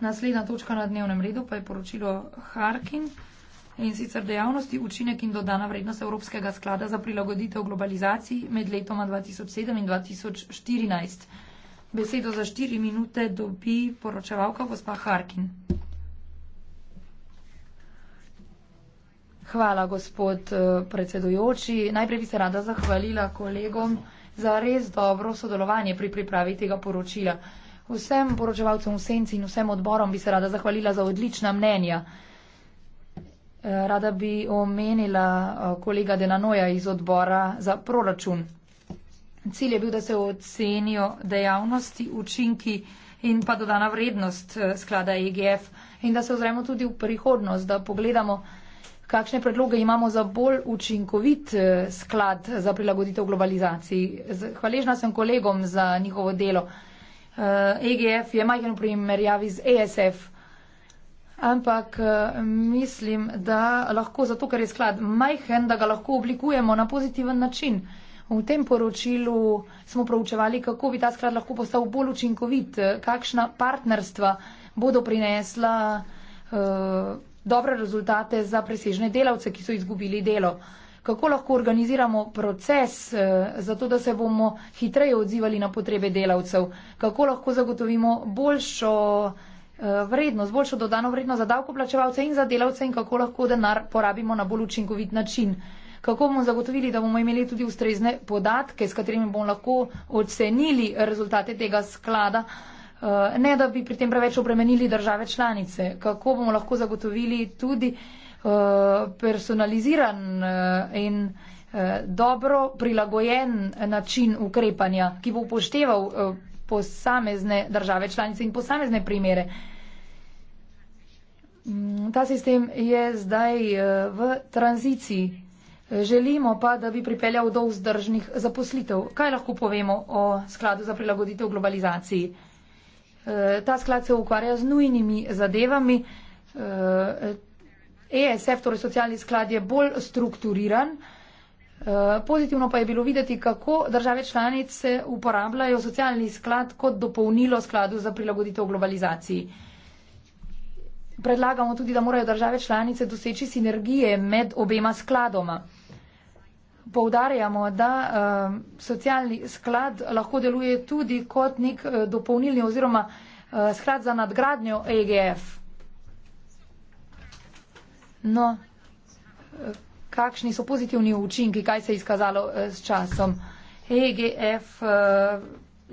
Naslednja točka na dnevnem redu pa je poročilo Harkin in sicer dejavnosti, učinek in dodana vrednost Evropskega sklada za prilagoditev globalizaciji med letoma 2007 in 2014. Besedo za štiri minute dobi poročevalka gospa Harkin. Hvala, gospod eh, predsedujoči. Najprej bi se rada zahvalila kolegom za res dobro sodelovanje pri pripravi tega poročila. Vsem poročevalcem v senci in vsem odborom bi se rada zahvalila za odlična mnenja. Eh, rada bi omenila eh, kolega Denanoja iz odbora za proračun. Cilj je bil, da se ocenijo dejavnosti, učinki in pa dodana vrednost eh, sklada EGF in da se ozremo tudi v prihodnost, da pogledamo, kakšne predloge imamo za bolj učinkovit sklad za prilagoditev globalizaciji. Hvaležna sem kolegom za njihovo delo uh, eh, EGF je majhen primerjavi z ESF. Ampak uh, mislim, da lahko zato, ker je sklad majhen, da ga lahko oblikujemo na pozitiven način. V tem poročilu smo proučevali, kako bi ta sklad lahko postal bolj učinkovit, kakšna partnerstva bodo prinesla uh, dobre rezultate za presežne delavce, ki so izgubili delo. Uh, kako lahko organiziramo proces, eh, zato da se bomo hitreje odzivali na potrebe delavcev, kako lahko zagotovimo boljšo eh, vrednost, boljšo dodano vrednost za davkoplačevalce in za delavce in kako lahko denar porabimo na bolj učinkovit način. Kako bomo zagotovili, da bomo imeli tudi ustrezne podatke, s katerimi bomo lahko ocenili rezultate tega sklada, eh, ne da bi pri tem preveč obremenili države članice. Kako bomo lahko zagotovili tudi Eh, personaliziran eh, in eh, dobro prilagojen način ukrepanja, ki bo upošteval posamezne države članice in posamezne primere. Mm, ta sistem je zdaj v tranziciji. Želimo pa, da bi pripeljal do vzdržnih zaposlitev. Kaj lahko povemo o skladu za prilagoditev globalizaciji? Ta sklad se ukvarja z nujnimi zadevami. ESF, torej socialni sklad, je bolj strukturiran. Eh, pozitivno pa je bilo videti, kako države članice uporabljajo socialni sklad kot dopolnilo skladu za prilagoditev globalizaciji. Predlagamo tudi, da morajo države članice doseči sinergije med obema skladoma. Poudarjamo, da eh, socialni sklad lahko deluje tudi kot nek eh, dopolnilni oziroma sklad za nadgradnjo EGF. No, kakšni so pozitivni učinki, kaj se je izkazalo eh, s časom? EGF eh,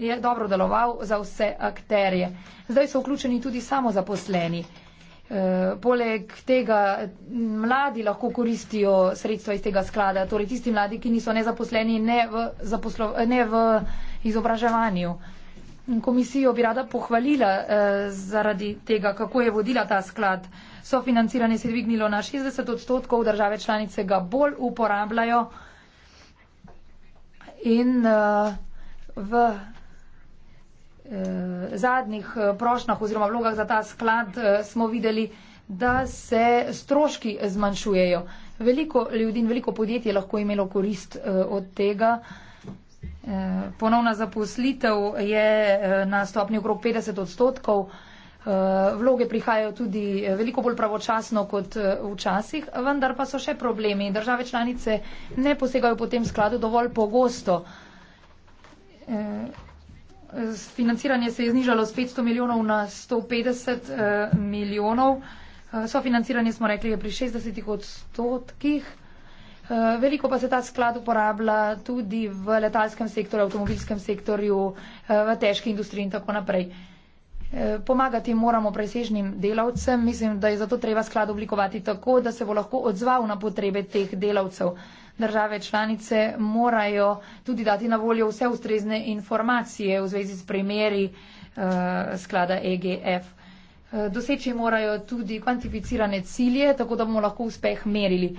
je dobro deloval za vse akterje. Zdaj so vključeni tudi samozaposleni. Eh, poleg tega mm, mladi lahko koristijo sredstva iz tega sklada, torej tisti mladi, ki niso nezaposleni ne v, ne v izobraževanju komisijo bi rada pohvalila eh, zaradi tega, kako je vodila ta sklad. Sofinanciranje se je dvignilo na 60 odstotkov, države članice ga bolj uporabljajo in eh, v eh, zadnjih eh, prošnah oziroma vlogah za ta sklad eh, smo videli, da se stroški zmanjšujejo. Veliko ljudi in veliko podjetij je lahko imelo korist eh, od tega. Eh, Eh, ponovna zaposlitev je eh, na stopnji okrog 50 odstotkov. Eh, vloge prihajajo tudi veliko bolj pravočasno kot včasih, vendar pa so še problemi. Države članice ne posegajo po tem skladu dovolj pogosto. Financiranje se je znižalo z 500 milijonov na 150 milijonov. Sofinanciranje smo rekli je pri 60 odstotkih. Eh, veliko pa se ta sklad uporablja tudi v letalskem sektorju, avtomobilskem sektorju, eh, v težki industriji in tako naprej. Eh, pomagati moramo presežnim delavcem. Mislim, da je zato treba sklad oblikovati tako, da se bo lahko odzval na potrebe teh delavcev. Države članice morajo tudi dati na voljo vse ustrezne informacije v zvezi s primeri sklada EGF. Doseči morajo tudi kvantificirane cilje, tako da bomo lahko uspeh merili.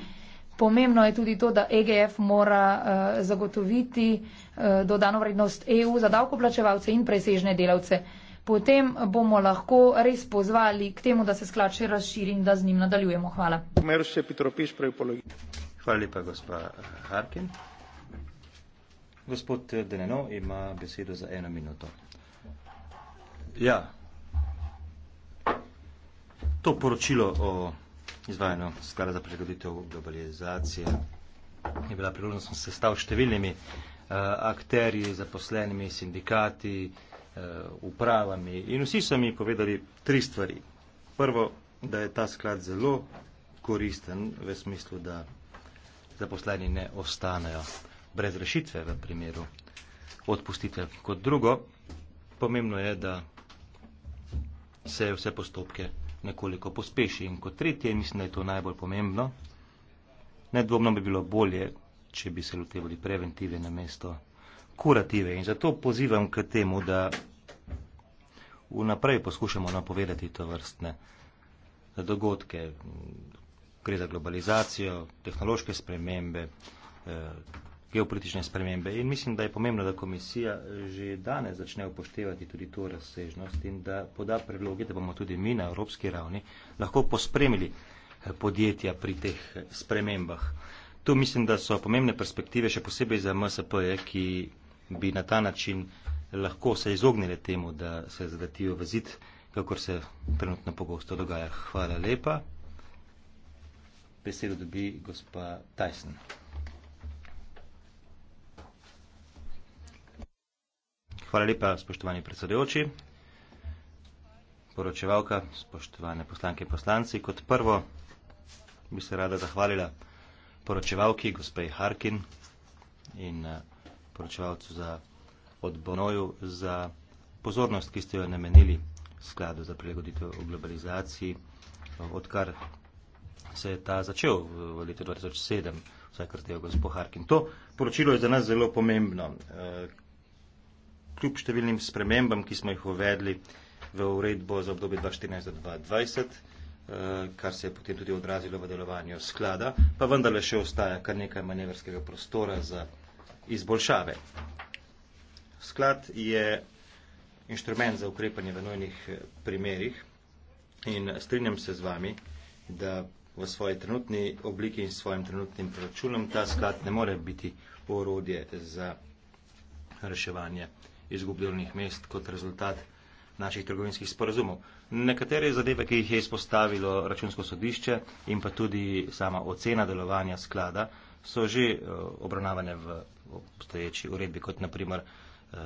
Pomembno je tudi to, da EGF mora uh, zagotoviti uh, dodano vrednost EU za davkoplačevalce in presežne delavce. Potem bomo lahko res pozvali k temu, da se sklad še razširi in da z njim nadaljujemo. Hvala. Hvala lepa, gospa Harkin. Gospod Deneno ima besedo za eno minuto. Ja. To poročilo o izvajanju sklada za pregoditev globalizacije. Je bila priložnost, sem se stal številnimi uh, akterji, zaposlenimi, sindikati, uh, upravami in vsi so mi povedali tri stvari. Prvo, da je ta sklad zelo koristen v smislu, da zaposleni ne ostanejo brez rešitve v primeru odpustitve. Kot drugo, pomembno je, da se vse postopke nekoliko pospeši. In kot tretje, mislim, da je to najbolj pomembno, nedvomno bi bilo bolje, če bi se lotevali preventive na mesto kurative. In zato pozivam k temu, da vnaprej poskušamo napovedati to vrstne dogodke. Gre za globalizacijo, tehnološke spremembe, eh, geopolitične spremembe. In mislim, da je pomembno, da komisija že danes začne upoštevati tudi to razsežnost in da poda predloge, da bomo tudi mi na evropski ravni lahko pospremili eh, podjetja pri teh eh, spremembah. Tu mislim, da so pomembne perspektive, še posebej za MSP-je, ki bi na ta način lahko se izognile temu, da se zadatijo v zid, kakor se trenutno pogosto dogaja. Hvala lepa. Besedo dobi gospa Tyson. Hvala lepa, spoštovani predsedujoči. Poročevalka, spoštovane poslanke in poslanci, kot prvo bi se rada zahvalila poročevalki gospej Harkin in eh, poročevalcu za odbonoju za pozornost, ki ste jo namenili skladu za prilagoditev v globalizaciji, odkar se je ta začel v letu 2007, vsaj kar del gospod Harkin. To poročilo je za nas zelo pomembno, eh, kljub številnim spremembam, ki smo jih uvedli v uredbo za obdobje 2014 do 2020, eh, kar se je potem tudi odrazilo v delovanju sklada, pa vendarle še ostaja kar nekaj manevrskega prostora za izboljšave. Sklad je inštrument za ukrepanje v nojnih eh, primerih in strinjam se z vami, da v svoji trenutni obliki in svojim trenutnim proračunom ta sklad ne more biti orodje za reševanje uh, izgubljenih mest kot rezultat naših trgovinskih sporazumov. Nekatere zadeve, ki jih je izpostavilo računsko sodišče in pa tudi sama ocena delovanja sklada, so že eh, obravnavane v obstoječi uredbi, kot naprimer eh,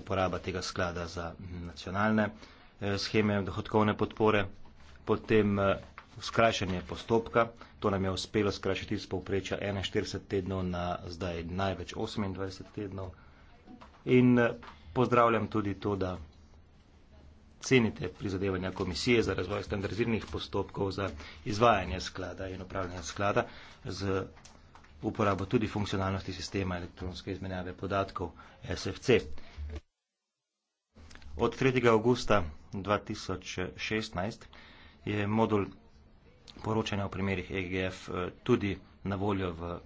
uporaba tega sklada za nacionalne eh, scheme dohodkovne podpore, potem skrajšanje postopka, to nam je uspelo skrajšati iz povprečja 41 tednov na zdaj največ 28 tednov in pozdravljam tudi to, da cenite prizadevanja komisije za razvoj standardiziranih postopkov za izvajanje sklada in upravljanje sklada z uporabo tudi funkcionalnosti sistema elektronske izmenjave podatkov SFC. Od 3. augusta 2016 je modul poročanja o primerih EGF eh, tudi na voljo v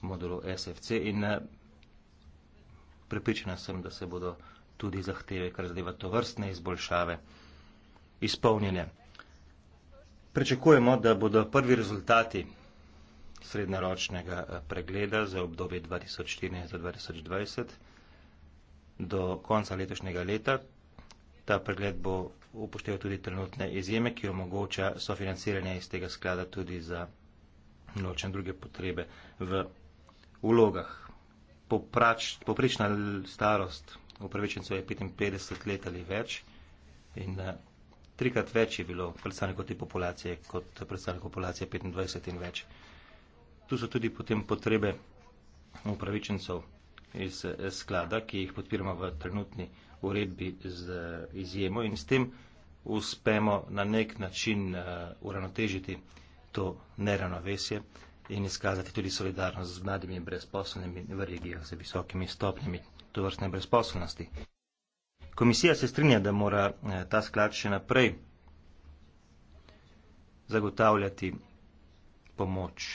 modulu SFC in eh, Pripričana sem, da se bodo tudi zahteve, kar zadeva to vrstne izboljšave, izpolnjene. Prečakujemo, da bodo prvi rezultati srednjeročnega eh, pregleda za obdobje 2014-2020 do konca letošnjega leta. Ta pregled bo upošteval tudi trenutne izjeme, ki omogoča sofinanciranje iz tega sklada tudi za nočne druge potrebe v ulogah poprač, poprečna starost upravičencev je 55 let ali več in uh, trikrat več je bilo predstavnikov te populacije kot predstavnikov populacije 25 in več. Tu so tudi potem potrebe upravičencev iz eh, sklada, ki jih podpiramo v trenutni uredbi z eh, izjemo in s tem uspemo na nek način uh, uravnotežiti to neravnovesje. Uh, in izkazati tudi solidarnost z mladimi brezposobnimi v regijah z visokimi stopnjami tovrstne brezposobnosti. Komisija se strinja, da mora eh, ta sklad še naprej zagotavljati pomoč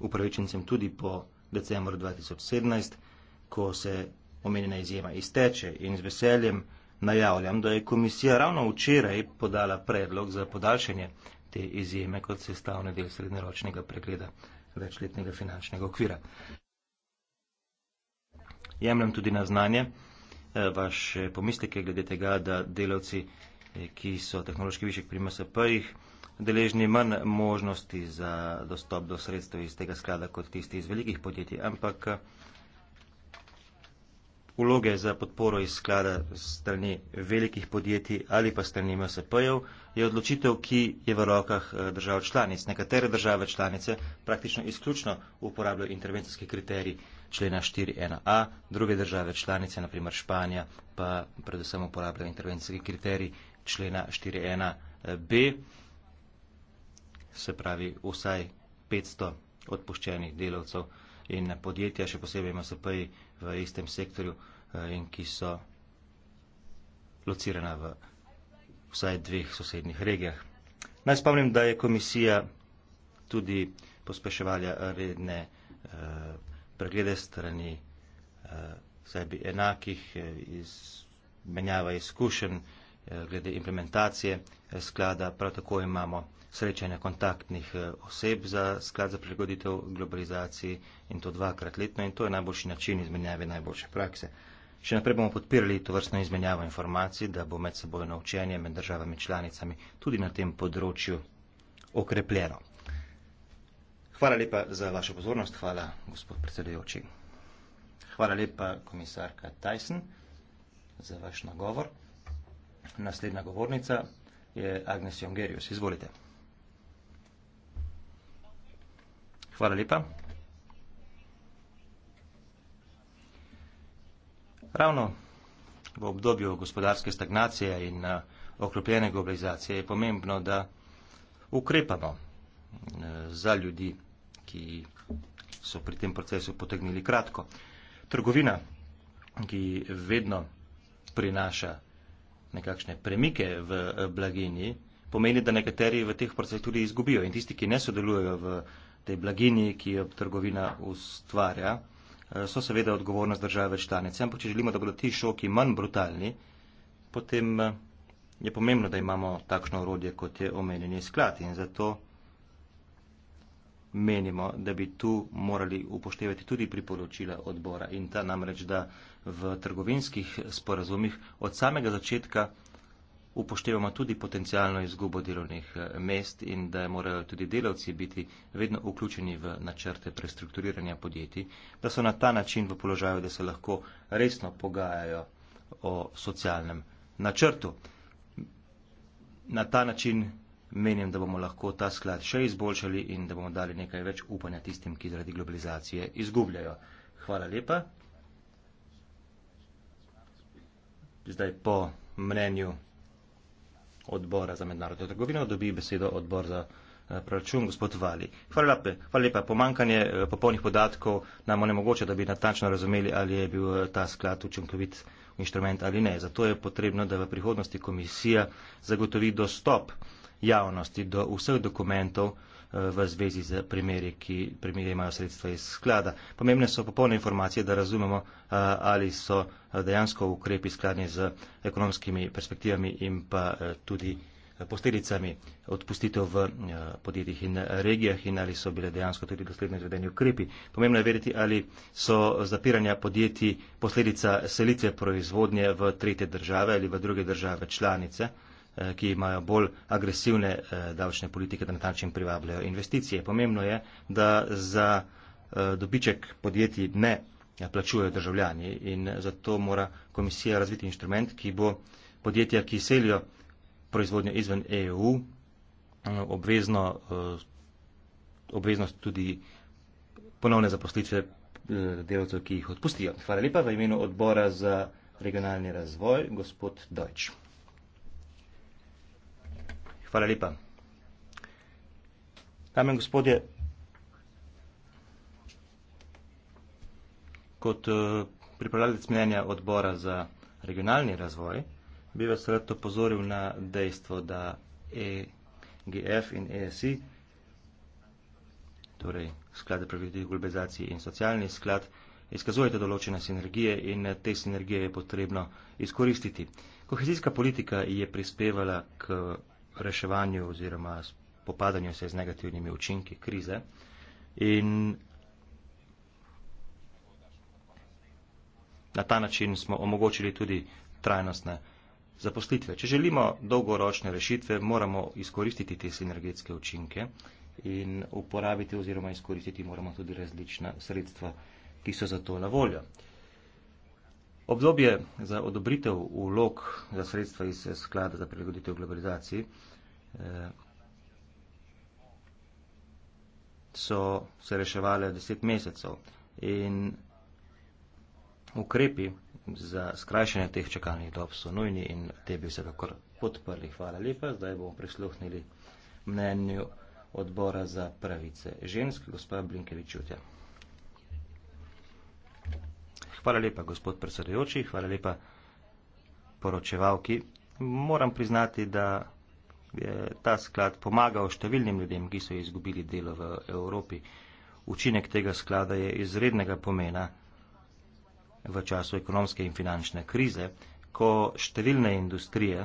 upravičencem tudi po decembru 2017, ko se omenjena izjema izteče in z veseljem najavljam, da je komisija ravno včeraj podala predlog za podaljšanje te izjeme kot sestavni del srednjeročnega pregleda večletnega finančnega okvira. Jemljem tudi na znanje eh, vaše pomisleke glede tega, da delavci, eh, ki so tehnološki višek pri MSP-jih, deležni manj možnosti za dostop do sredstev iz tega sklada kot tisti iz velikih podjetij, ampak eh, vloge za podporo iz sklada strani velikih podjetij ali pa strani MSP-jev, je odločitev, ki je v rokah eh, držav članic. Nekatere države članice praktično izključno uporabljajo intervencijski kriterij člena 4.1a, druge države članice, naprimer Španija, pa predvsem uporabljajo intervencijski kriterij člena 4.1b, eh, se pravi vsaj 500 odpuščenih delavcev in podjetja, še posebej MSP-ji, v istem sektorju eh, in ki so locirana v vsaj dveh sosednjih regijah. Naj spomnim, da je komisija tudi pospeševala redne eh, preglede strani eh, sebi enakih, iz, menjava izkušenj glede implementacije sklada, prav tako imamo srečanja kontaktnih eh, oseb za sklad za prilagoditev globalizaciji in to dvakrat letno in to je najboljši način izmenjave najboljše prakse. Še naprej bomo podpirali to vrstno izmenjavo informacij, da bo med seboj naučenje med državami članicami tudi na tem področju okrepljeno. Hvala lepa za vašo pozornost, hvala gospod predsedujoči. Hvala lepa komisarka Tyson za vaš nagovor. Naslednja govornica je Agnes Jongerius. Izvolite. Hvala lepa. Ravno v obdobju gospodarske stagnacije in eh, okrepljene globalizacije je pomembno, da ukrepamo eh, za ljudi, ki so pri tem procesu potegnili kratko. Trgovina, ki vedno prinaša nekakšne premike v eh, blagini, pomeni, da nekateri v teh procesih tudi izgubijo in tisti, ki ne sodelujejo v blagini, tej blagini, ki jo trgovina ustvarja, eh, so seveda odgovornost države članice. Ampak če želimo, da bodo ti šoki manj brutalni, potem eh, je pomembno, da imamo takšno orodje, kot je omenjeni sklad. In zato menimo, da bi tu morali upoštevati tudi priporočila odbora in ta namreč, da v trgovinskih sporazumih od samega začetka upoštevamo tudi potencijalno izgubo delovnih eh, mest in da morajo tudi delavci biti vedno vključeni v načrte prestrukturiranja podjetij, da so na ta način v položaju, da se lahko resno pogajajo o socialnem načrtu. Na ta način menim, da bomo lahko ta sklad še izboljšali in da bomo dali nekaj več upanja tistim, ki zaradi globalizacije izgubljajo. Hvala lepa. Zdaj po mnenju odbora za mednarodno trgovino, dobi besedo odbor za eh, proračun, gospod Vali. Hvala lepa, hvala lepa. Pomankanje eh, popolnih podatkov nam onemogoča, da bi natančno razumeli, ali je bil eh, ta sklad učinkovit inštrument ali ne. Zato je potrebno, da v prihodnosti komisija zagotovi dostop javnosti do vseh dokumentov, v zvezi z primeri, ki primeri imajo sredstva iz sklada. Pomembne so popolne informacije, da razumemo, ali so dejansko ukrepi skladni z ekonomskimi perspektivami in pa tudi posledicami odpustitev v podjetjih in regijah in ali so bile dejansko tudi dosledno izvedeni ukrepi. Pomembno je veriti, ali so zapiranja podjetij posledica selitve proizvodnje v tretje države ali v druge države članice. Eh, ki imajo bolj agresivne eh, davčne politike, da na ta način privabljajo investicije. Pomembno je, da za eh, dobiček podjetij ne plačujejo državljani in zato mora komisija razviti inštrument, ki bo podjetja, ki selijo proizvodnjo izven EU, obvezno, obveznost tudi ponovne zaposlitve delovcev, ki jih odpustijo. Hvala lepa v imenu odbora za regionalni razvoj, gospod Deutsch. Hvala lepa. Dame in gospodje, kot eh, pripravljalec mnenja odbora za regionalni razvoj, bi vas rad opozoril na dejstvo, da EGF in ESI, torej sklade pravidnih globalizacij in socialni sklad, izkazujete določene sinergije in te sinergije je potrebno izkoristiti. Kohezijska politika je prispevala k reševanju oziroma popadanju se z negativnimi učinki krize. In na ta način smo omogočili tudi trajnostne zaposlitve. Če želimo dolgoročne rešitve, moramo izkoristiti te sinergetske učinke in uporabiti oziroma izkoristiti moramo tudi različna sredstva, ki so za to na voljo. Obdobje za odobritev vlog za sredstva iz sklada za prilagoditev globalizaciji eh, so se reševali 10 mesecev in ukrepi za skrajšanje teh čakalnih dob so nujni in te bi se kakor podprli. Hvala lepa, zdaj bomo prisluhnili mnenju odbora za pravice žensk, gospa Blinkevičutja. Hvala lepa, gospod predsedujoči, hvala lepa poročevalki. Moram priznati, da je ta sklad pomagal številnim ljudem, ki so izgubili delo v Evropi. Učinek tega sklada je izrednega pomena v času ekonomske in finančne krize, ko številne industrije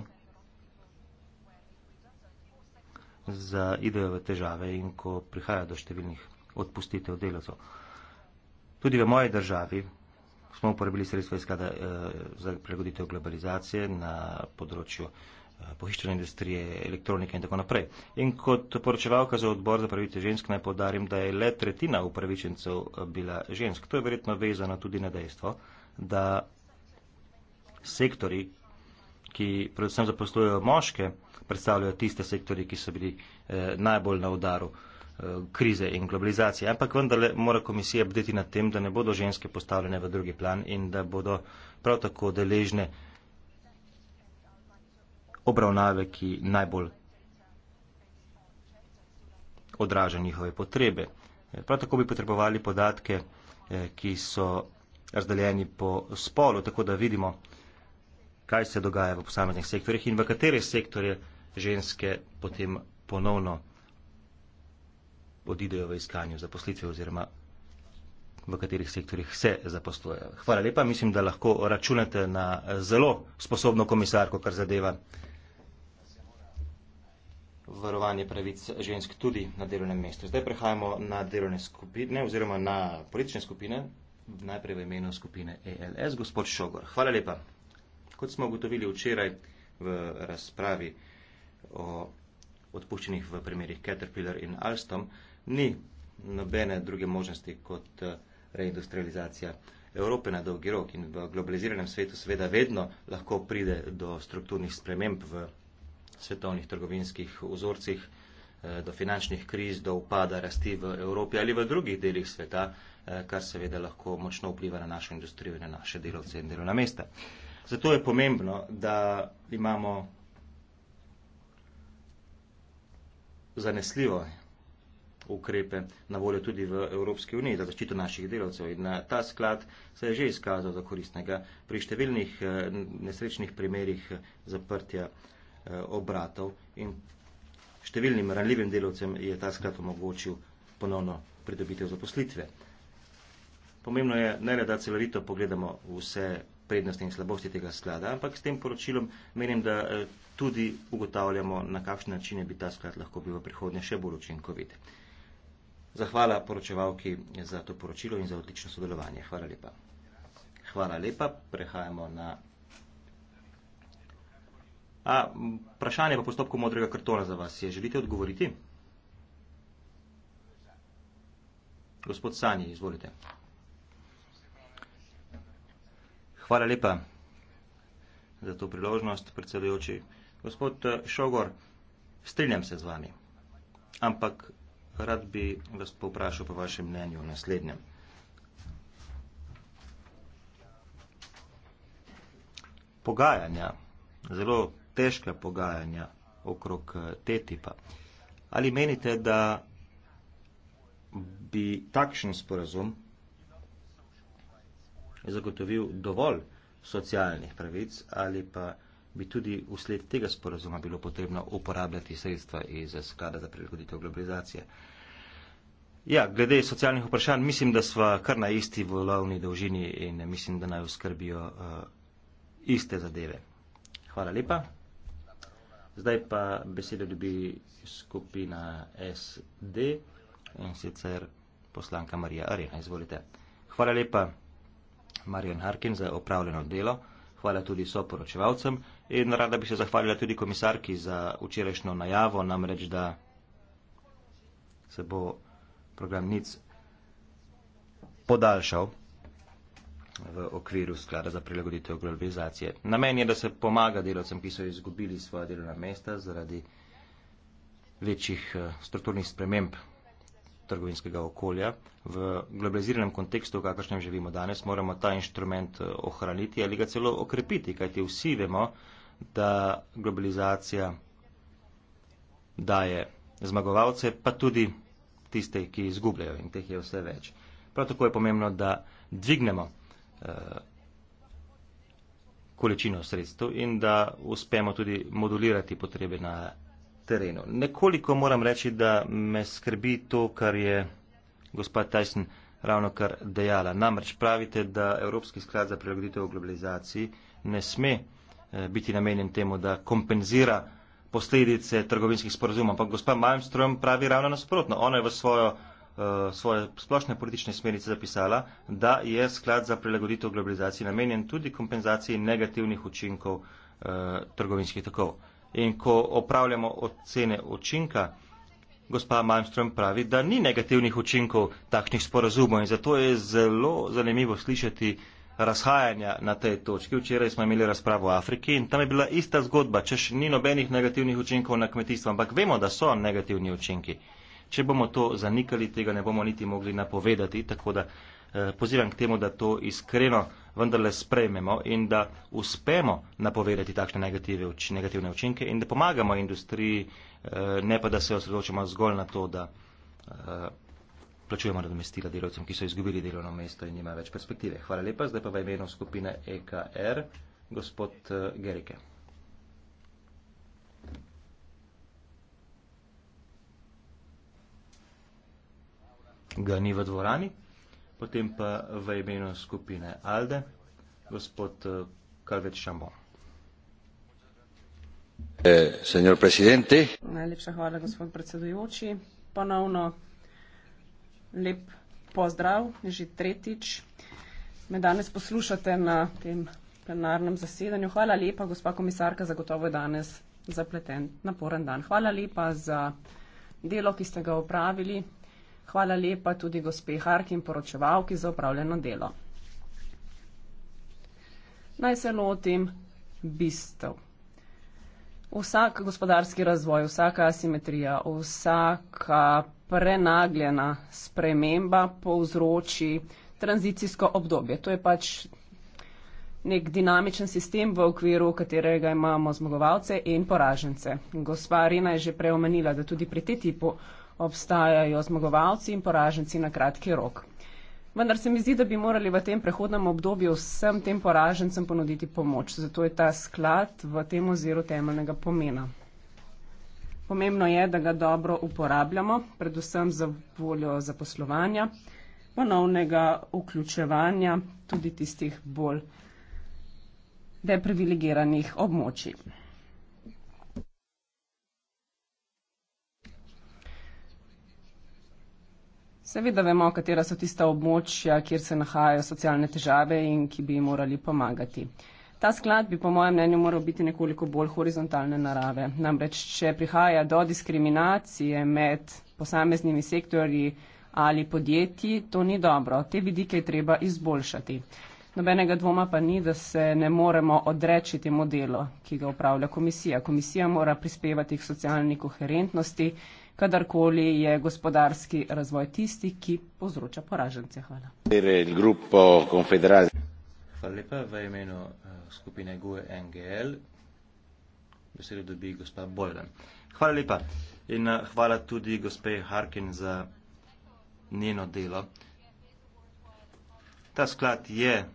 zaidejo v težave in ko prihaja do številnih odpustitev delovcev. Tudi v moji državi, smo uporabili sredstva izklada eh, za prilagoditev globalizacije na področju eh, pohištvene industrije, elektronike in tako naprej. In kot poročevalka za odbor za pravice žensk naj podarim, da je le tretjina upravičencev eh, bila žensk. To je verjetno vezano tudi na dejstvo, da sektori, ki predvsem zaposlujejo moške, predstavljajo tiste sektori, ki so bili eh, najbolj na udaru eh, krize in globalizacije. Ampak vendarle mora komisija bdeti nad tem, da ne bodo ženske postavljene v drugi plan in da bodo prav tako deležne obravnave, ki najbolj odraža njihove potrebe. Prav tako bi potrebovali podatke, eh, ki so razdeljeni po spolu, tako da vidimo, kaj se dogaja v posameznih sektorjih in v katere sektorje ženske potem ponovno odidejo v iskanju zaposlitve oziroma v katerih sektorjih se zaposlujejo. Hvala lepa, mislim, da lahko računate na zelo sposobno komisarko, kar zadeva varovanje pravic žensk tudi na delovnem mestu. Zdaj prehajamo na delovne skupine oziroma na politične skupine, najprej v imenu skupine ALS, gospod Šogor. Hvala lepa. Kot smo ugotovili včeraj v razpravi o odpuščenih v primerih Caterpillar in Alstom, ni nobene druge možnosti kot eh, reindustrializacija Evrope na dolgi rok in v globaliziranem svetu seveda vedno lahko pride do strukturnih sprememb v svetovnih trgovinskih vzorcih, eh, do finančnih kriz, do upada rasti v Evropi ali v drugih delih sveta, eh, kar seveda lahko močno vpliva na našo industrijo in na naše delovce in delovna mesta. Zato je pomembno, da imamo zanesljivo ukrepe na voljo tudi v Evropski uniji za zaščito naših delavcev. In eh, ta sklad se je že izkazal za koristnega pri številnih eh, nesrečnih primerih eh, zaprtja obratov in številnim ranljivim delavcem je ta sklad omogočil ponovno pridobitev zaposlitve. Pomembno je ne le, da celovito pogledamo vse prednosti in slabosti tega sklada, ampak s tem poročilom menim, da tudi ugotavljamo, na kakšne načine bi ta sklad lahko bil v prihodnje še bolj učinkovit. Zahvala poročevalki za to poročilo in za odlično sodelovanje. Hvala lepa. Hvala lepa. Prehajamo na. A, vprašanje po postopku modrega kartona za vas. Je želite odgovoriti? Gospod Sanji, izvolite. Hvala lepa za to priložnost, predsedujoči. Gospod eh, Šogor, strinjam se z vami, ampak rad bi vas povprašal po vašem mnenju o naslednjem. Pogajanja, zelo težka pogajanja okrog eh, te tipa. Ali menite, da bi takšen sporazum zagotovil dovolj socialnih pravic ali pa bi tudi vsled tega sporazuma bilo potrebno uporabljati sredstva iz sklada za prilagoditev globalizacije. Uh, Ja, glede socialnih vprašanj, mislim, da smo kar na isti volovni dolžini in mislim, da naj uskrbijo uh, eh, iste zadeve. Hvala lepa. Zdaj pa besedo dobi skupina SD in sicer poslanka Marija Arjena. Izvolite. Hvala lepa Marjan Harkin za opravljeno delo. Hvala tudi soporočevalcem in rada bi se zahvalila tudi komisarki za včerajšnjo najavo, namreč da se bo program NIC podaljšal v okviru sklada za prilagoditev globalizacije. Namen je, da se pomaga delovcem, ki so izgubili svoje delovna mesta zaradi večjih eh, strukturnih sprememb trgovinskega okolja. V globaliziranem kontekstu, v kakršnem živimo danes, moramo ta inštrument eh, ohraniti ali ga celo okrepiti, kajti vsi vemo, da globalizacija daje zmagovalce, pa tudi tiste, ki izgubljajo in teh je vse več. Prav tako je pomembno, da dvignemo uh, količino sredstv in da uspemo tudi modulirati potrebe na terenu. Nekoliko moram reči, da me skrbi to, kar je gospod Tyson ravno kar dejala. Namreč pravite, da Evropski sklad za prilagoditev globalizaciji ne sme uh, biti namenjen temu, da kompenzira uh, posledice trgovinskih sporozumov. Ampak gospa Malmström pravi ravno nasprotno. Ona je v svojo, uh, svoje splošne politične smernice zapisala, da je sklad za prilagoditev globalizaciji namenjen tudi kompenzaciji negativnih učinkov uh, trgovinskih tokov. In ko opravljamo ocene učinka, gospa Malmström pravi, da ni negativnih učinkov takšnih sporozumov in zato je zelo zanimivo slišati uh, razhajanja na tej točki. Včeraj smo imeli razpravo v Afriki in tam je bila ista zgodba, če še ni nobenih negativnih učinkov na kmetijstvo, ampak vemo, da so negativni učinki. Če bomo to zanikali, tega ne bomo niti mogli napovedati, tako da eh, pozivam k temu, da to iskreno vendarle sprejmemo in da uspemo napovedati takšne negative, uč, negativne učinke in da pomagamo industriji, eh, ne pa da se osredočimo zgolj na to, da. Eh, plačujemo nadomestila delovcem, ki so izgubili delovno mesto in nimajo več perspektive. Hvala lepa, zdaj pa v imenu skupine EKR, gospod eh, Gerike. Ga ni v dvorani, potem pa v imenu skupine ALDE, gospod Kalvet Šambon. Eh, eh Najlepša hvala, gospod predsedujoči. Ponovno lep pozdrav, že tretjič. Me danes poslušate na tem plenarnem zasedanju. Hvala lepa, gospa komisarka, zagotovo je danes zapleten, naporen dan. Hvala lepa za delo, ki ste ga upravili. Hvala lepa tudi gospe Harki in poročevalki za upravljeno delo. Naj se lotim bistv. Vsak gospodarski razvoj, vsaka asimetrija, vsaka prenagljena sprememba povzroči tranzicijsko obdobje. To je pač nek dinamičen sistem, v okviru katerega imamo zmagovalce in poražence. Gospa Rina je že prej omenila, da tudi pri tem tipu obstajajo zmagovalci in poraženci na kratki rok. Vendar se mi zdi, da bi morali v tem prehodnem obdobju vsem tem poražencem ponuditi pomoč. Zato je ta sklad v tem oziru temeljnega pomena. Pomembno je, da ga dobro uporabljamo, predvsem za voljo zaposlovanja, ponovnega vključevanja tudi tistih bolj deprivilegiranih območij. Seveda vemo, katera so tista območja, kjer se nahajajo socialne težave in ki bi morali pomagati. Ta sklad bi po mojem mnenju moral biti nekoliko bolj horizontalne narave. Namreč, če prihaja do diskriminacije med posameznimi sektorji ali podjetji, to ni dobro. Te vidike je treba izboljšati. Nobenega dvoma pa ni, da se ne moremo odreči temu delu, ki ga upravlja komisija. Komisija mora prispevati k socialni koherentnosti, kadarkoli je gospodarski razvoj tisti, ki povzroča poražence. Hvala. Hvala lepa. V imenu uh, skupine GUE NGL besedo dobi gospa Bojlen. Hvala lepa. In uh, hvala tudi gospe Harkin za njeno delo. Ta sklad je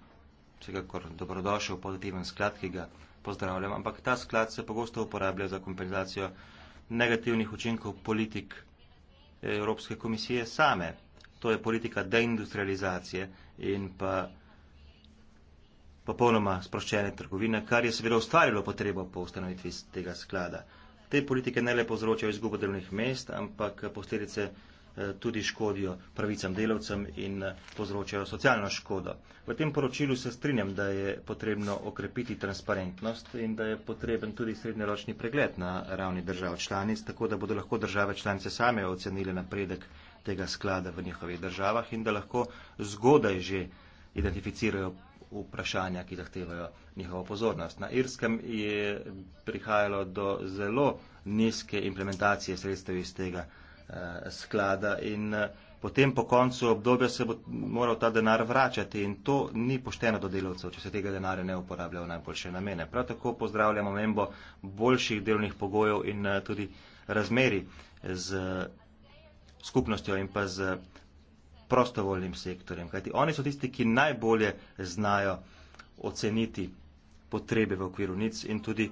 vsekakor dobrodošel, pozitiven sklad, ki ga pozdravljam, ampak ta sklad se pogosto uporablja za kompenzacijo negativnih učinkov politik eh, Evropske komisije same. To je politika deindustrializacije in pa popolnoma sproščene trgovine, kar je seveda ustvarilo potrebo po ustanovitvi tega sklada. Te politike ne le povzročajo izgubo delovnih mest, ampak posledice eh, tudi škodijo pravicam delavcem in eh, povzročajo socialno škodo. V tem poročilu se strinjam, da je potrebno okrepiti transparentnost in da je potreben tudi srednjeročni pregled na ravni držav članic, tako da bodo lahko države članice same ocenile napredek tega sklada v njihovih državah in da lahko zgodaj že identificirajo vprašanja, ki zahtevajo njihovo pozornost. Na Irskem je prihajalo do zelo nizke implementacije sredstev iz tega eh, sklada in eh, potem po koncu obdobja se bo moral ta denar vračati in to ni pošteno do delovcev, če se tega denarja ne uporablja v najboljše namene. Prav tako pozdravljamo membo boljših delovnih pogojev in eh, tudi razmeri z eh, skupnostjo in pa z prostovoljnim sektorjem. Kajti oni so tisti, ki najbolje znajo oceniti potrebe v okviru NIC in tudi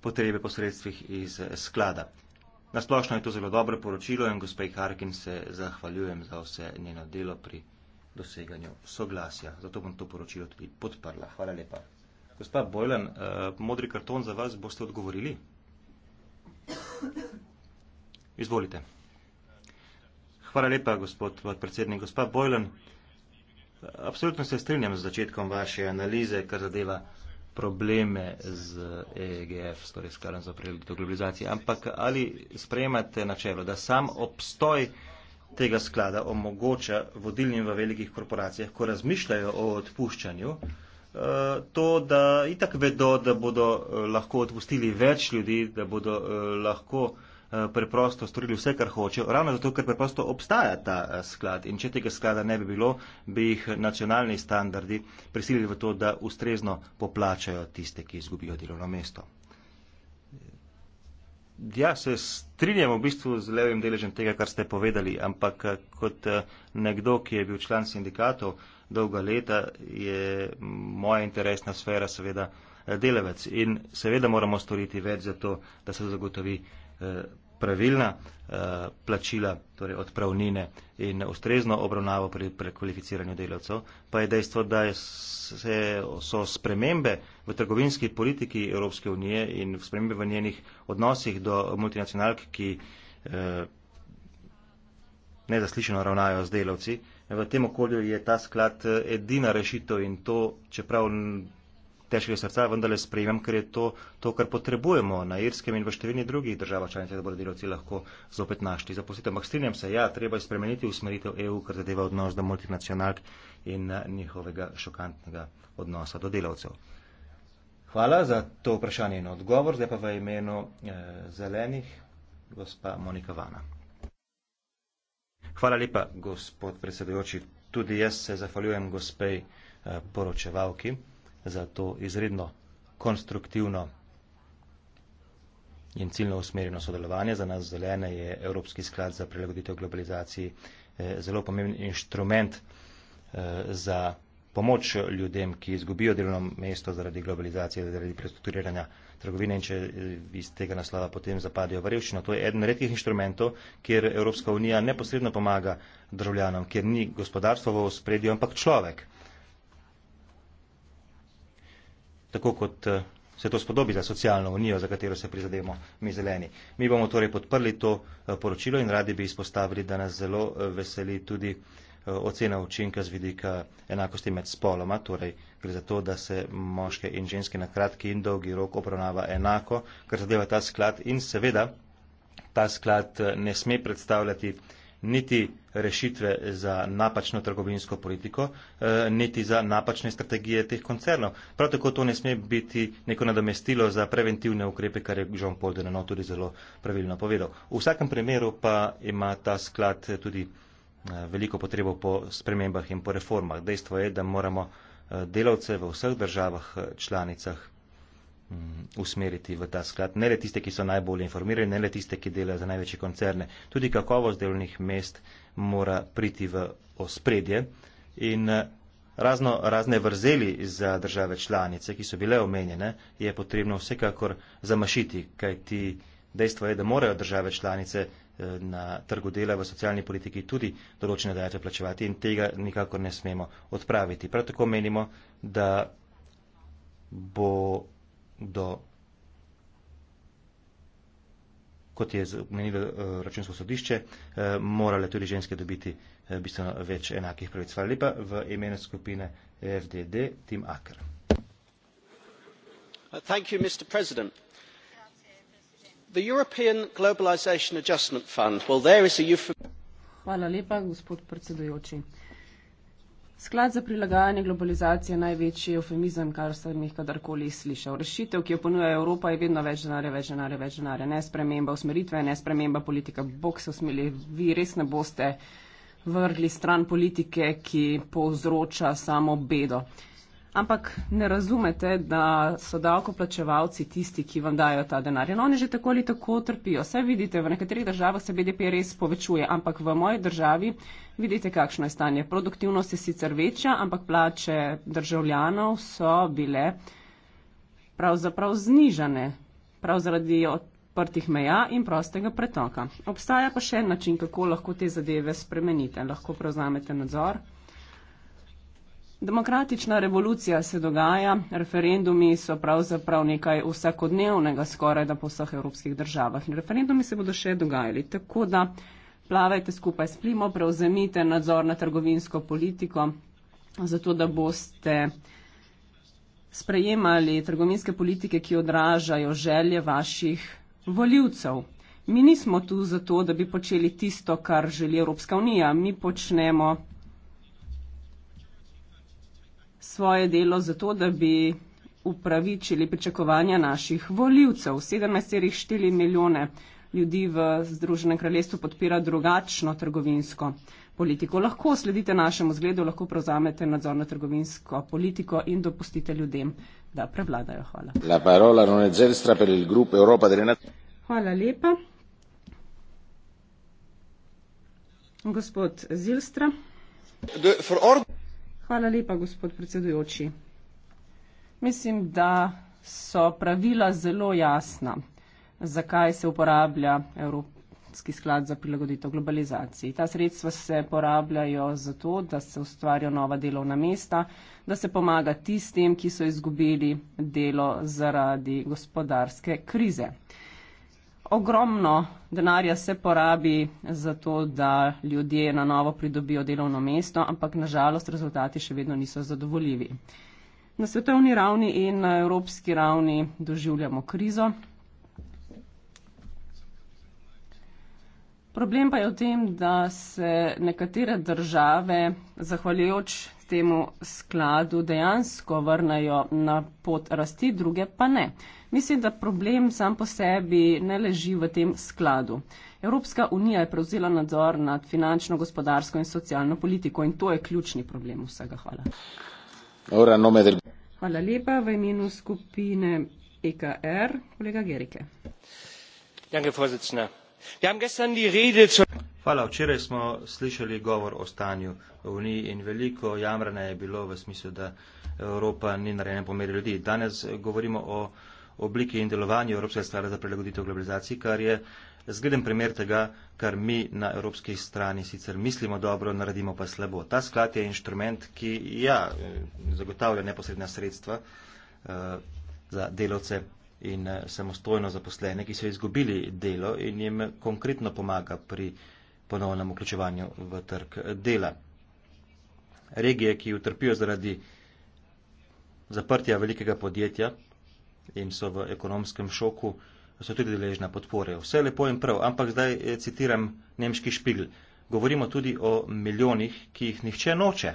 potrebe po sredstvih iz eh, sklada. Nasplošno je to zelo dobro poročilo in gospej Harkin se zahvaljujem za vse njeno delo pri doseganju soglasja. Zato bom to poročilo tudi podprla. Hvala lepa. Gospa Bojlen, eh, modri karton za vas boste odgovorili. Izvolite. Hvala lepa, gospod podpredsednik. Gospa Bojlen, absolutno se strinjam z začetkom vaše analize, kar zadeva probleme z EGF, torej s karom za prilagoditev globalizacije. Ampak ali sprejemate načelo, da sam obstoj tega sklada omogoča vodilnim v velikih korporacijah, ko razmišljajo o odpuščanju, eh, to, da itak vedo, da bodo eh, lahko odpustili več ljudi, da bodo eh, lahko Eh, preprosto storili vse, kar hočejo, ravno zato, ker preprosto obstaja ta eh, sklad. In če tega sklada ne bi bilo, bi jih nacionalni standardi prisilili v to, da ustrezno poplačajo tiste, ki izgubijo delovno mesto. Ja, se strinjam v bistvu z levim deležem tega, kar ste povedali, ampak eh, kot nekdo, ki je bil član sindikatov dolga leta, je moja interesna sfera seveda delavec in seveda moramo storiti več za to, da se zagotovi pravilna eh, plačila, torej odpravnine in ustrezno obravnavo pri prekvalificiranju delavcev, pa je dejstvo, da se, so spremembe v trgovinski politiki Evropske unije in spremembe v njenih odnosih do multinacionalk, ki eh, nezaslišeno ravnajo z delavci. V tem okolju je ta sklad eh, edina rešitev in to, čeprav težkega srca, vendar le sprejemam, ker je to, to, kar potrebujemo na Irskem in v številnih drugih državah članicah, da bodo delavci lahko zopet našli zaposlitev. Ampak strinjam se, ja, treba je spremeniti usmeritev EU, kar zadeva odnos do multinacionalk in eh, njihovega šokantnega odnosa do delavcev. Hvala za to vprašanje in odgovor. Zdaj pa v imenu eh, zelenih gospa Monika Vana. Hvala lepa, gospod predsedujoči. Tudi jaz se zahvaljujem gospej eh, poročevalki za to izredno konstruktivno in ciljno usmerjeno sodelovanje. Za nas zelene je Evropski sklad za prilagoditev globalizaciji eh, zelo pomemben inštrument eh, za pomoč ljudem, ki izgubijo delovno mesto zaradi globalizacije, zaradi prestrukturiranja trgovine in če eh, iz tega naslova potem zapadijo v revščino. To je eden redkih inštrumentov, kjer Evropska unija neposredno pomaga državljanom, kjer ni gospodarstvo v ospredju, ampak človek. tako kot eh, se to spodobi za socialno unijo, za katero se prizademo mi zeleni. Mi bomo torej podprli to eh, poročilo in radi bi izpostavili, da nas zelo eh, veseli tudi ocena učinka z vidika enakosti med spoloma, torej gre za to, da se moške in ženske na kratki in dolgi rok obravnava enako, kar zadeva ta sklad in seveda ta sklad ne sme predstavljati niti rešitve za napačno trgovinsko politiko, eh, niti za napačne strategije teh koncernov. Prav tako to ne sme biti neko nadomestilo za preventivne ukrepe, kar je Žon Poldenano tudi zelo pravilno povedal. V vsakem primeru pa ima ta sklad tudi eh, veliko potrebo po spremembah in po reformah. Dejstvo je, da moramo eh, delavce v vseh državah članicah mm, usmeriti v ta sklad. Ne le tiste, ki so najbolje informirani, ne le tiste, ki delajo za največje koncerne. Tudi kakovost delovnih mest mora priti v ospredje. In eh, razno, razne vrzeli za države članice, ki so bile omenjene, je potrebno vsekakor zamašiti, kajti dejstvo je, da morajo države članice eh, na trgu dela v socialni politiki tudi določene dajate plačevati in tega nikakor ne smemo odpraviti. Prav tako menimo, da bo do kot je omenilo eh, računsko sodišče, eh, morale tudi ženske dobiti eh, bistveno več enakih pravic. Hvala lepa v imenu skupine FDD Tim Aker. Uh, thank you, Mr. President. The European Globalization Adjustment Fund, well, there is a euphemism. Hvala lepa, gospod predsedujoči. Sklad za prilagajanje globalizacije je največji eufemizem, kar sem jih kadarkoli slišal. Rešitev, ki jo ponuja Evropa, je vedno več denarja, več denarja, več denarja. Ne sprememba usmeritve, ne sprememba politika. Bog se usmili, vi res ne boste vrgli stran politike, ki povzroča samo bedo ampak ne razumete, da so davkoplačevalci tisti, ki vam dajo ta denar. In oni že tako ali tako trpijo. Vse vidite, v nekaterih državah se BDP res povečuje, ampak v moji državi vidite, kakšno je stanje. Produktivnost je sicer večja, ampak plače državljanov so bile pravzaprav znižane, prav zaradi odprtih meja in prostega pretoka. Obstaja pa še en način, kako lahko te zadeve spremenite. Lahko prevzamete nadzor Demokratična revolucija se dogaja, referendumi so pravzaprav nekaj vsakodnevnega skoraj da po vseh evropskih državah. In referendumi se bodo še dogajali, tako da plavajte skupaj s plimo, prevzemite nadzor na trgovinsko politiko, zato da boste sprejemali trgovinske politike, ki odražajo želje vaših voljivcev. Mi nismo tu zato, da bi počeli tisto, kar želi Evropska unija. Mi počnemo svoje delo zato, da bi upravičili pričakovanja naših voljivcev. 17,4 milijone ljudi v Združenem kraljestvu podpira drugačno trgovinsko politiko. Lahko sledite našemu zgledu, lahko prevzamete nadzor na trgovinsko politiko in dopustite ljudem, da prevladajo. Hvala. Hvala lepa. Gospod Zilstra. Hvala lepa, gospod predsedujoči. Mislim, da so pravila zelo jasna, zakaj se uporablja Evropski sklad za prilagoditev globalizaciji. Ta sredstva se porabljajo zato, da se ustvarjajo nova delovna mesta, da se pomaga tistim, ki so izgubili delo zaradi gospodarske krize. Ogromno denarja se porabi za to, da ljudje na novo pridobijo delovno mesto, ampak nažalost rezultati še vedno niso zadovoljivi. Na svetovni ravni in na evropski ravni doživljamo krizo. Problem pa je v tem, da se nekatere države, zahvaljujoč temu skladu dejansko vrnajo na pot rasti, druge pa ne. Mislim, da problem sam po sebi ne leži v tem skladu. Evropska unija je prevzela nadzor nad finančno, gospodarsko in socialno politiko in to je ključni problem vsega. Hvala. No Hvala lepa v imenu skupine EKR, er, kolega Gerike. Hvala. Včeraj smo slišali govor o stanju v Uniji in veliko jamrane je bilo v smislu, da Evropa ni narejena po meri ljudi. Danes govorimo o obliki in delovanju Evropskega sklada za prilagoditev globalizaciji, kar je zgleden primer tega, kar mi na evropski strani sicer mislimo dobro, naredimo pa slabo. Ta sklad je inštrument, ki ja, zagotavlja neposredna sredstva eh, za delovce in eh, samostojno zaposlene, ki so izgubili delo in jim konkretno pomaga pri ponovnem vključevanju v trg dela. Regije, ki utrpijo zaradi zaprtja velikega podjetja in so v ekonomskem šoku, so tudi deležna podpore. Vse lepo in prav, ampak zdaj eh, citiram nemški špigl. Govorimo tudi o milijonih, ki jih nihče noče.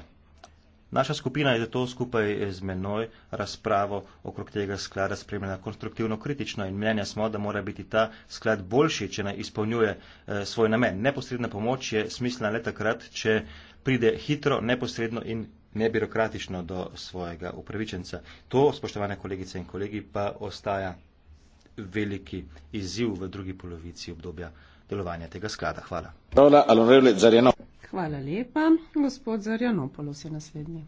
Naša skupina je zato skupaj z menoj razpravo okrog tega sklada spremljena konstruktivno kritično in mnenja smo, da mora biti ta sklad boljši, če naj izpolnjuje eh, svoj namen. Neposredna pomoč je smiselna le takrat, če pride hitro, neposredno in nebirokratično do svojega upravičenca. To, spoštovane kolegice in kolegi, pa ostaja veliki izziv v drugi polovici obdobja delovanja tega sklada. Hvala. Hvala lepa. Gospod Zarjanopolos je naslednji.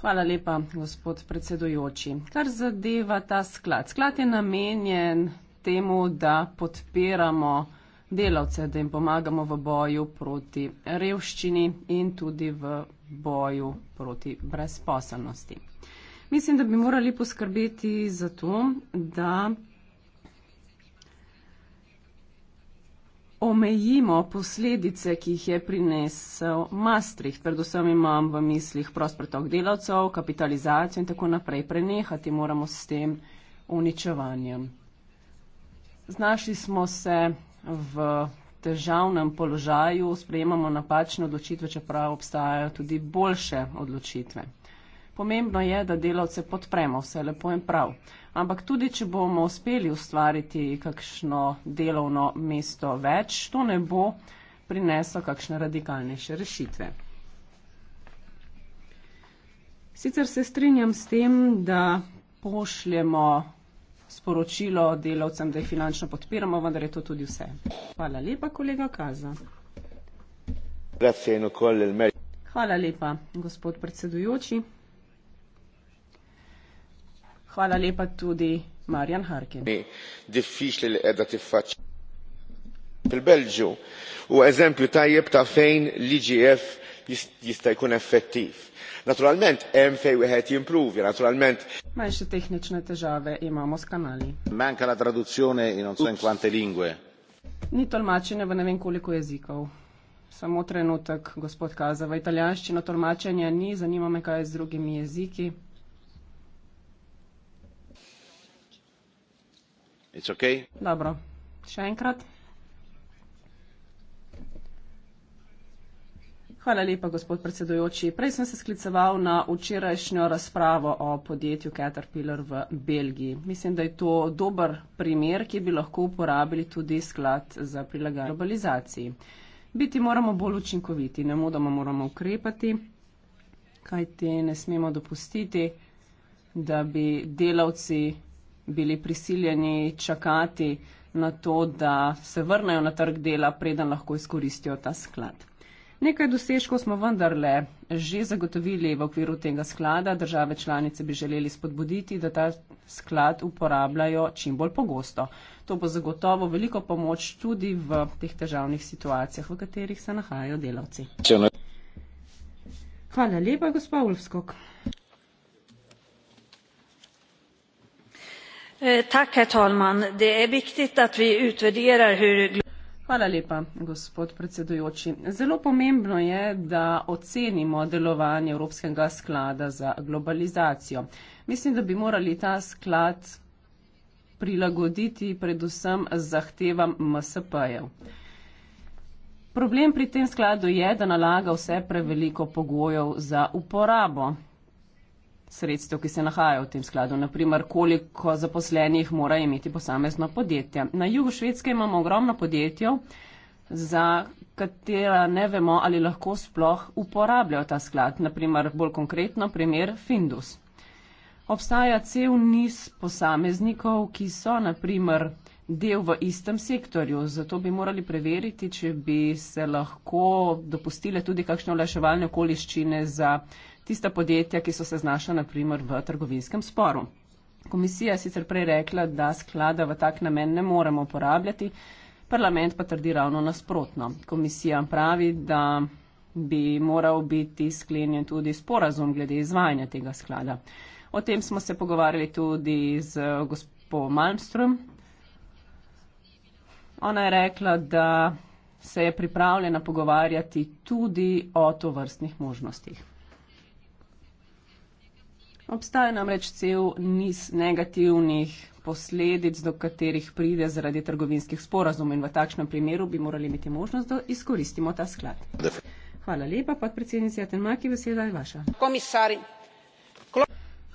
Hvala lepa, gospod predsedujoči. Kar zadeva ta sklad. Sklad je namenjen temu, da podpiramo delavce, da jim pomagamo v boju proti revščini in tudi v boju proti brezposelnosti. Mislim, da bi morali poskrbeti za to, da omejimo posledice, ki jih je prinesel Maastricht. Predvsem imam v mislih prost pretok delavcev, kapitalizacijo in tako naprej. Prenehati moramo s tem uničevanjem. Znašli smo se v težavnem položaju, sprejemamo napačne odločitve, čeprav obstajajo tudi boljše odločitve. Pomembno je, da delavce podpremo, vse lepo in prav. Ampak tudi, če bomo uspeli ustvariti kakšno delovno mesto več, to ne bo prineslo kakšne radikalnejše rešitve. Sicer se strinjam s tem, da pošljemo sporočilo delavcem, da jih finančno podpiramo, vendar je to tudi vse. Hvala lepa, kolega Kaza. Hvala lepa, gospod predsedujoči. Hvala lepa tudi Marjan Harkin. Il Belgio, ou esempio, ta yep ta fein, l'IGF, jistaj kun effektiv. Naturalment, MFA we had to improve, naturalment. Manjše tehnične težave imamo s kanali. Manjka la traduzione in non so in quante lingue. Ni tolmačenja v ne vem koliko jezikov. Samo trenutek, gospod Kaza, v italijanščino tolmačenja ni, zanima me, kaj je z drugimi jeziki. It's okay. Dobro. Še enkrat. Hvala lepa, gospod predsedujoči. Prej sem se skliceval na včerajšnjo razpravo o podjetju Caterpillar v Belgiji. Mislim, da je to dober primer, ki bi lahko uporabili tudi sklad za prilagajanje globalizaciji. Biti moramo bolj učinkoviti, ne modoma moramo ukrepati, kajti ne smemo dopustiti, da bi delavci bili prisiljeni čakati na to, da se vrnejo na trg dela, preden lahko izkoristijo ta sklad. Nekaj dosežkov smo vendarle že zagotovili v okviru tega sklada. Države članice bi želeli spodbuditi, da ta sklad uporabljajo čim bolj pogosto. To bo zagotovo veliko pomoč tudi v teh težavnih situacijah, v katerih se nahajajo delavci. Hvala lepa, gospod Ulfskog. Eh, herr talman! Det är viktigt att vi utvärderar hur Hvala lepa, gospod predsedujoči. Zelo pomembno je, da ocenimo delovanje Evropskega sklada za globalizacijo. Mislim, da bi morali ta sklad prilagoditi predvsem zahtevam MSP-jev. Problem pri tem skladu je, da nalaga vse preveliko pogojev za uporabo sredstev, ki se nahajajo v tem skladu, naprimer koliko zaposlenih mora imeti posamezno podjetje. Na jugu Švedske imamo ogromno podjetjev, za katera ne vemo, ali lahko sploh uporabljajo ta sklad, naprimer bolj konkretno primer Findus. Obstaja cel niz posameznikov, ki so naprimer del v istem sektorju. Zato bi morali preveriti, če bi se lahko dopustile tudi kakšne olaševalne okoliščine za tista podjetja, ki so se znašla naprimer v trgovinskem sporu. Komisija sicer prej rekla, da sklada v tak namen ne moremo uporabljati, parlament pa trdi ravno nasprotno. Komisija pravi, da bi moral biti sklenjen tudi sporazum glede izvajanja tega sklada. O tem smo se pogovarjali tudi z gospodom Malmström, Ona je rekla, da se je pripravljena pogovarjati tudi o tovrstnih možnostih. Obstaja namreč cel niz negativnih posledic, do katerih pride zaradi trgovinskih sporazumov in v takšnem primeru bi morali imeti možnost, da izkoristimo ta sklad. Hvala lepa, podpredsednica Jatenmaki, beseda je vaša. Komisari.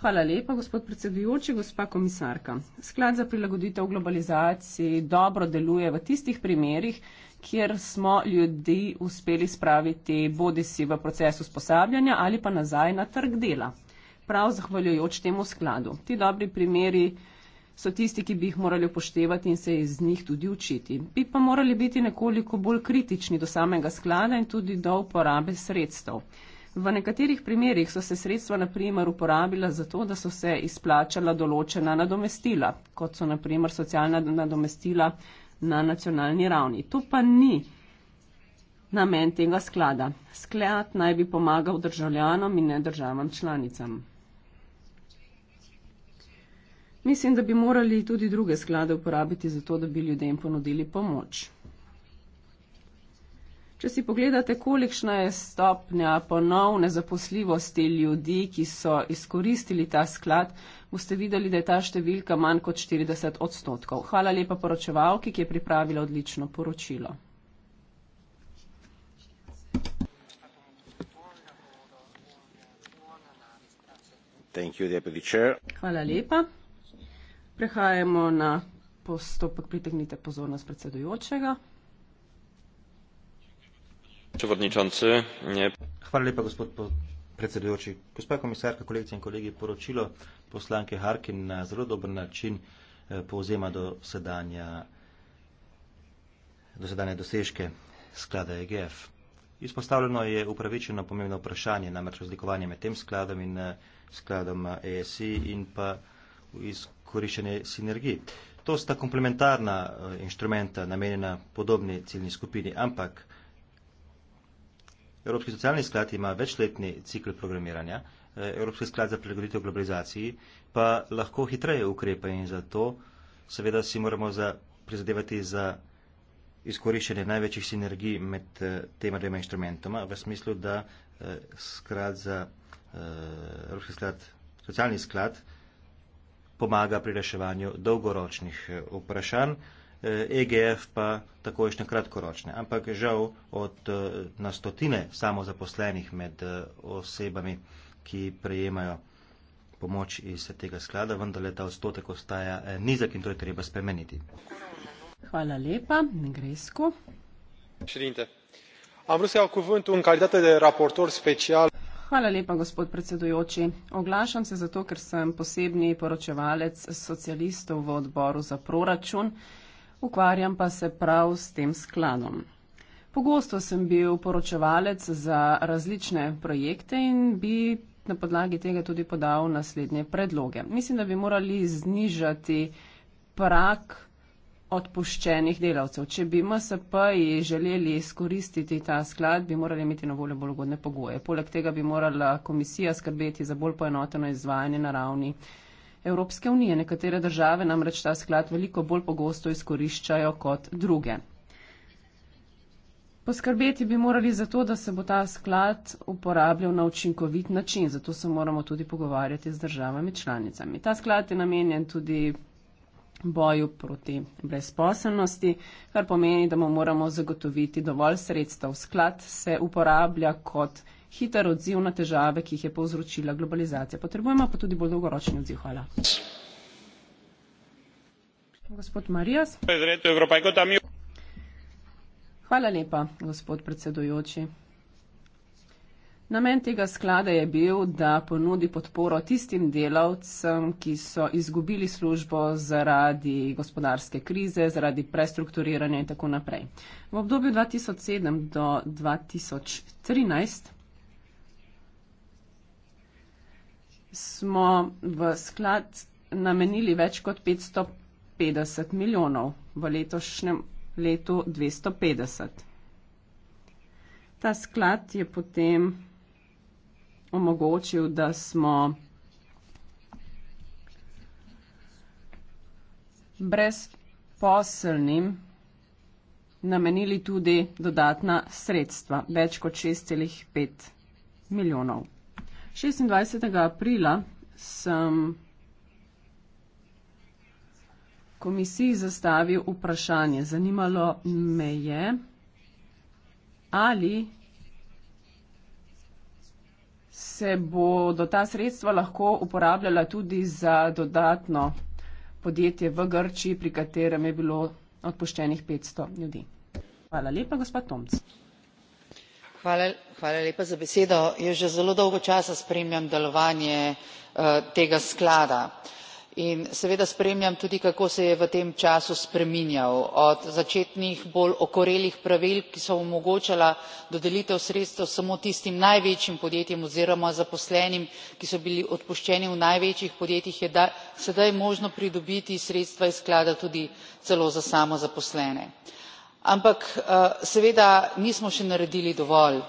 Hvala lepa, gospod predsedujoči, gospa komisarka. Sklad za prilagoditev globalizaciji dobro deluje v tistih primerih, kjer smo ljudi uspeli spraviti bodi si v procesu sposabljanja ali pa nazaj na trg dela. Prav zahvaljujoč temu skladu. Ti dobri primeri so tisti, ki bi jih morali upoštevati in se iz njih tudi učiti. Bi pa morali biti nekoliko bolj kritični do samega sklada in tudi do uporabe sredstev. V nekaterih primerjih so se sredstva naprimer uporabila za to, da so se izplačala določena nadomestila, kot so naprimer socialna nadomestila na nacionalni ravni. To pa ni namen tega sklada. Sklad naj bi pomagal državljanom in ne državam članicam. Mislim, da bi morali tudi druge sklade uporabiti za to, da bi ljudem ponudili pomoč. Če si pogledate, kolikšna je stopnja ponovne zaposljivosti ljudi, ki so izkoristili ta sklad, boste videli, da je ta številka manj kot 40 odstotkov. Hvala lepa poročevalki, ki je pripravila odlično poročilo. Hvala lepa. Prehajamo na postopek pritegnite pozornost predsedujočega przewodniczący. Chwalę gospod predsedujoči. Gospa komisarka, kolegice in kolegi, poročilo poslanke Harkin na zelo dober način eh, povzema do sedanja, do sedanja dosežke sklada EGF. Izpostavljeno je upravičeno pomembno vprašanje, namreč razlikovanje med tem skladom in eh, skladom ESI eh, e in pa izkoriščenje sinergij. To sta komplementarna inštrumenta namenjena podobni ciljni skupini, ampak Evropski socialni sklad ima večletni cikl programiranja, eh, Evropski sklad za prilagoditev globalizaciji pa lahko hitreje ukrepa in zato seveda si moramo za, prizadevati za izkoriščenje največjih sinergij med eh, tema dvema inštrumentoma v smislu, da eh, sklad za Evropski sklad, socialni sklad pomaga pri reševanju dolgoročnih vprašanj. EGF eh, e pa takojšnje kratkoročne. Ampak žal od eh, na stotine samozaposlenih med eh, osebami, ki prejemajo pomoč iz tega sklada, vendar le ta odstotek ostaja nizek in to je treba spremeniti. Hvala lepa, Negresko. Širinte. Hvala lepa, gospod predsedujoči. Oglašam se zato, ker sem posebni poročevalec socialistov v odboru za proračun ukvarjam pa se prav s tem skladom. Pogosto sem bil poročevalec za različne projekte in bi na podlagi tega tudi podal naslednje predloge. Mislim, da bi morali znižati prak odpuščenih delavcev. Če bi MSP-ji želeli izkoristiti ta sklad, bi morali imeti na voljo bolj ugodne pogoje. Poleg tega bi morala komisija skrbeti za bolj poenoteno izvajanje na ravni Evropske unije. Nekatere države namreč ta sklad veliko bolj pogosto izkoriščajo kot druge. Poskrbeti bi morali za to, da se bo ta sklad uporabljal na učinkovit način, zato se moramo tudi pogovarjati z državami članicami. Ta sklad je namenjen tudi boju proti brezposelnosti, kar pomeni, da mu moramo zagotoviti dovolj sredstev. Sklad se uporablja kot hiter odziv na težave, ki jih je povzročila globalizacija. Potrebujemo pa tudi bolj dolgoročni odziv. Hvala. Gospod Marijas. Hvala lepa, gospod predsedujoči. Namen tega sklada je bil, da ponudi podporo tistim delavcem, ki so izgubili službo zaradi gospodarske krize, zaradi prestrukturiranja in tako naprej. V obdobju 2007 do 2013 smo v sklad namenili več kot 550 milijonov, v letošnjem letu 250. Ta sklad je potem omogočil, da smo brezposelnim namenili tudi dodatna sredstva, več kot 6,5 milijonov. 26. aprila sem komisiji zastavil vprašanje. Zanimalo me je, ali se bodo ta sredstva lahko uporabljala tudi za dodatno podjetje v Grči, pri katerem je bilo odpoščenih 500 ljudi. Hvala lepa, gospod Tomc jaz že zelo dolgo časa spremljam delovanje eh, tega sklada in seveda spremljam tudi kako se je v tem času spreminjal od začetnih bolj okorelih pravil ki so omogočala dodelitev sredstev samo tistim največjim podjetjem oziroma zaposlenim ki so bili odpuščeni v največjih podjetjih je sedaj možno pridobiti sredstva iz sklada tudi celo za samozaposlene ampak eh, seveda nismo še naredili dovolj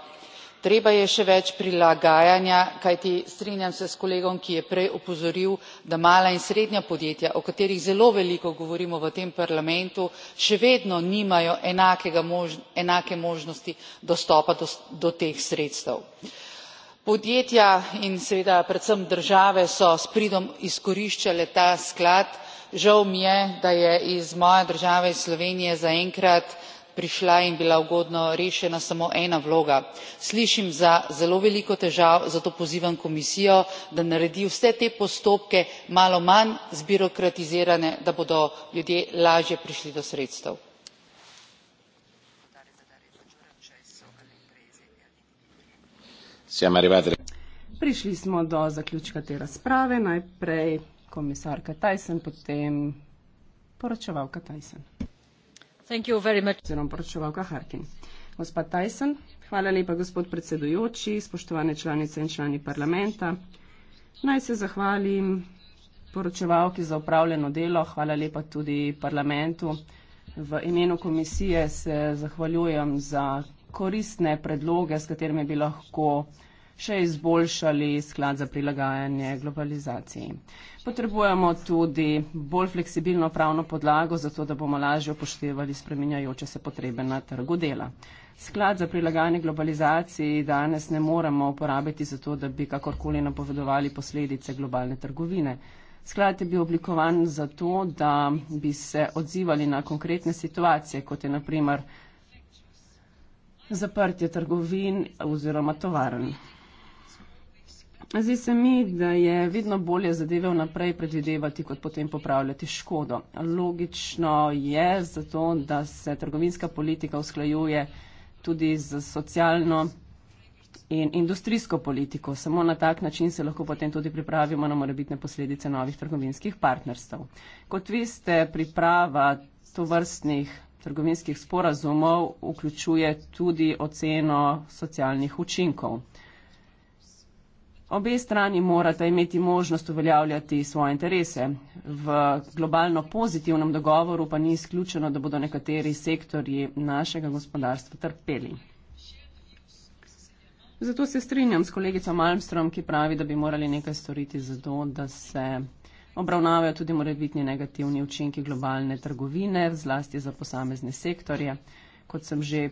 treba je še več prilagajanja kajti strinjam se s kolegom ki je prej opozoril da mala in srednja podjetja o katerih zelo veliko govorimo v tem parlamentu še vedno nimajo enake možnosti dostopa do teh sredstev. podjetja in seveda predvsem države so s pridom izkoriščale ta sklad žal mi je da je iz moje države iz slovenije zaenkrat prišla in bila ugodno rešena samo ena vloga. slišim za zelo veliko težav zato pozivam komisijo da naredi vse te postopke malo manj zbirokratizirane da bodo ljudje lažje prišli do sredstev. prišli smo do zaključka te razprave najprej komisarka Tyson, potem poročevalka Tyson. Oziroma poročevalka Harkin. Gospa Tyson, hvala lepa gospod predsedujoči, spoštovane članice in člani parlamenta. Naj se zahvalim poročevalki za upravljeno delo, hvala lepa tudi parlamentu. V imenu komisije se zahvaljujem za koristne predloge, s katerimi bi lahko uh, še izboljšali sklad za prilagajanje globalizaciji. Potrebujemo tudi bolj fleksibilno pravno podlago, zato da bomo lažje upoštevali spreminjajoče se potrebe na trgu dela. Sklad za prilagajanje globalizaciji danes ne moremo uporabiti zato, da bi kakorkoli napovedovali posledice globalne trgovine. Sklad je bil oblikovan zato, da bi se odzivali na konkretne situacije, kot je naprimer zaprtje trgovin oziroma tovarn. Zdi se mi, da je vedno bolje zadeve vnaprej predvidevati, kot potem popravljati škodo. Logično je zato, da se trgovinska politika usklajuje tudi z socialno in industrijsko politiko. Samo na tak način se lahko potem tudi pripravimo na morebitne posledice novih trgovinskih partnerstv. Kot vi ste, priprava to vrstnih trgovinskih sporazumov vključuje tudi oceno socialnih učinkov. Obe strani morata imeti možnost uveljavljati svoje interese. V globalno pozitivnem dogovoru pa ni izključeno, da bodo nekateri sektorji našega gospodarstva trpeli. Zato se strinjam s kolegico Malmstrom, ki pravi, da bi morali nekaj storiti za to, da se obravnavajo tudi morebitni negativni učinki globalne trgovine, zlasti za posamezne sektorje. Kot sem že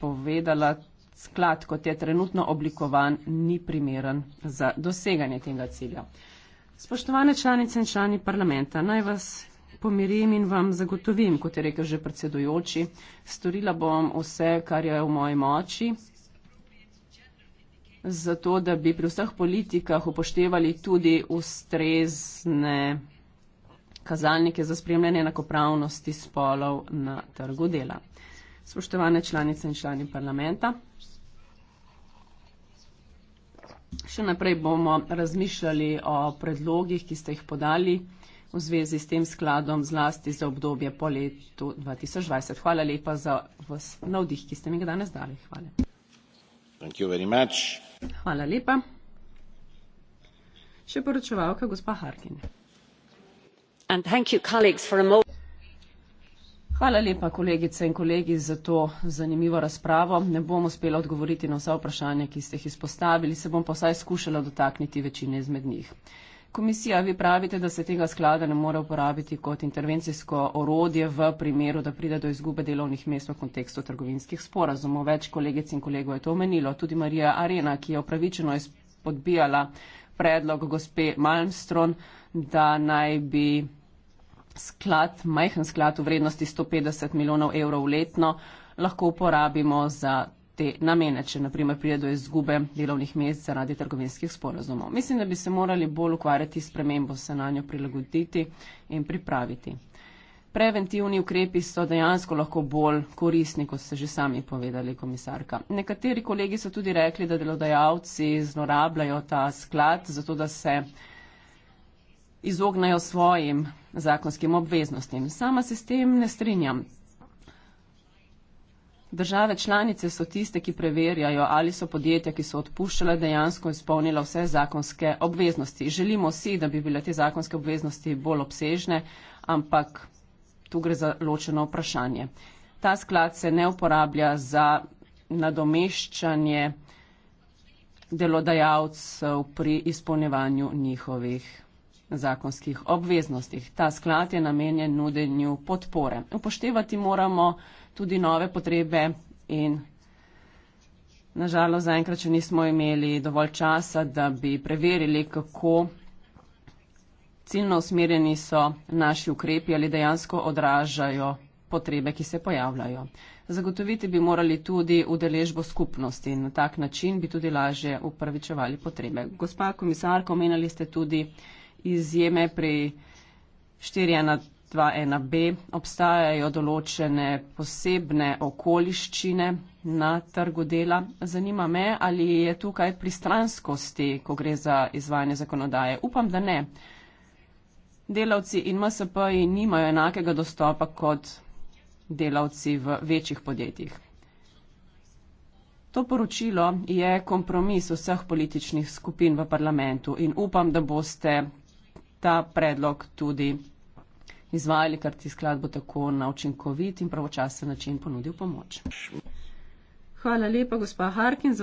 povedala, sklad, kot je trenutno oblikovan, ni primeren za doseganje tega cilja. Spoštovane članice in člani parlamenta, naj vas pomirim in vam zagotovim, kot je rekel že predsedujoči, storila bom vse, kar je v moji moči, zato da bi pri vseh politikah upoštevali tudi ustrezne kazalnike za spremljanje enakopravnosti spolov na trgu dela. Spoštovane članice in člani parlamenta, Še naprej bomo razmišljali o predlogih, ki ste jih podali v zvezi s tem skladom zlasti za obdobje po letu 2020. Hvala lepa za vas navdih, ki ste mi ga danes dali. Hvala. Thank you very much. Hvala lepa. Še poročevalka, gospa Harkin. And thank you colleagues for a moment. Hvala lepa, kolegice in kolegi, za to zanimivo razpravo. Ne bom uspela odgovoriti na vsa vprašanja, ki ste jih izpostavili, se bom pa vsaj skušala dotakniti večine izmed njih. Komisija, vi pravite, da se tega sklada ne more uporabiti kot intervencijsko orodje v primeru, da pride do izgube delovnih mest v kontekstu trgovinskih sporazumov. Več kolegic in kolegov je to omenilo, tudi Marija Arena, ki je opravičeno izpodbijala predlog gospe Malmstron, da naj bi sklad, majhen sklad v vrednosti 150 milijonov evrov letno, lahko uporabimo za te namene, če naprimer pride do izgube delovnih mest zaradi trgovinskih sporozumov. Mislim, da bi se morali bolj ukvarjati s premembo, se na njo prilagoditi in pripraviti. Preventivni ukrepi so dejansko lahko bolj korisni, kot ste že sami povedali, komisarka. Nekateri kolegi so tudi rekli, da delodajalci zlorabljajo ta sklad, zato da se izognejo svojim zakonskim obveznostim. Sama se s tem ne strinjam. Države članice so tiste, ki preverjajo, ali so podjetja, ki so odpuščala, dejansko izpolnila vse zakonske obveznosti. Želimo si, da bi bile te zakonske obveznosti bolj obsežne, ampak tu gre za ločeno vprašanje. Ta sklad se ne uporablja za nadomeščanje delodajalcev pri izpolnjevanju njihovih zakonskih obveznostih. Ta sklad je namenjen nudenju podpore. Upoštevati moramo tudi nove potrebe in nažalost zaenkrat še nismo imeli dovolj časa, da bi preverili, kako ciljno usmerjeni so naši ukrepi ali dejansko odražajo potrebe, ki se pojavljajo. Zagotoviti bi morali tudi udeležbo skupnosti in na tak način bi tudi lažje upravičevali potrebe. Gospa komisarka, omenjali ste tudi, izjeme pri 4.1.2.1.b. Obstajajo določene posebne okoliščine na trgu dela. Zanima me, ali je tukaj pristranskosti, ko gre za izvajanje zakonodaje. Upam, da ne. Delavci in MSP-ji nimajo enakega dostopa kot delavci v večjih podjetjih. To poročilo je kompromis vseh političnih skupin v parlamentu in upam, da boste ta predlog tudi izvajali, ker ti sklad bo tako na učinkovit in pravočasen način ponudil pomoč. Hvala lepa, gospa Harkin.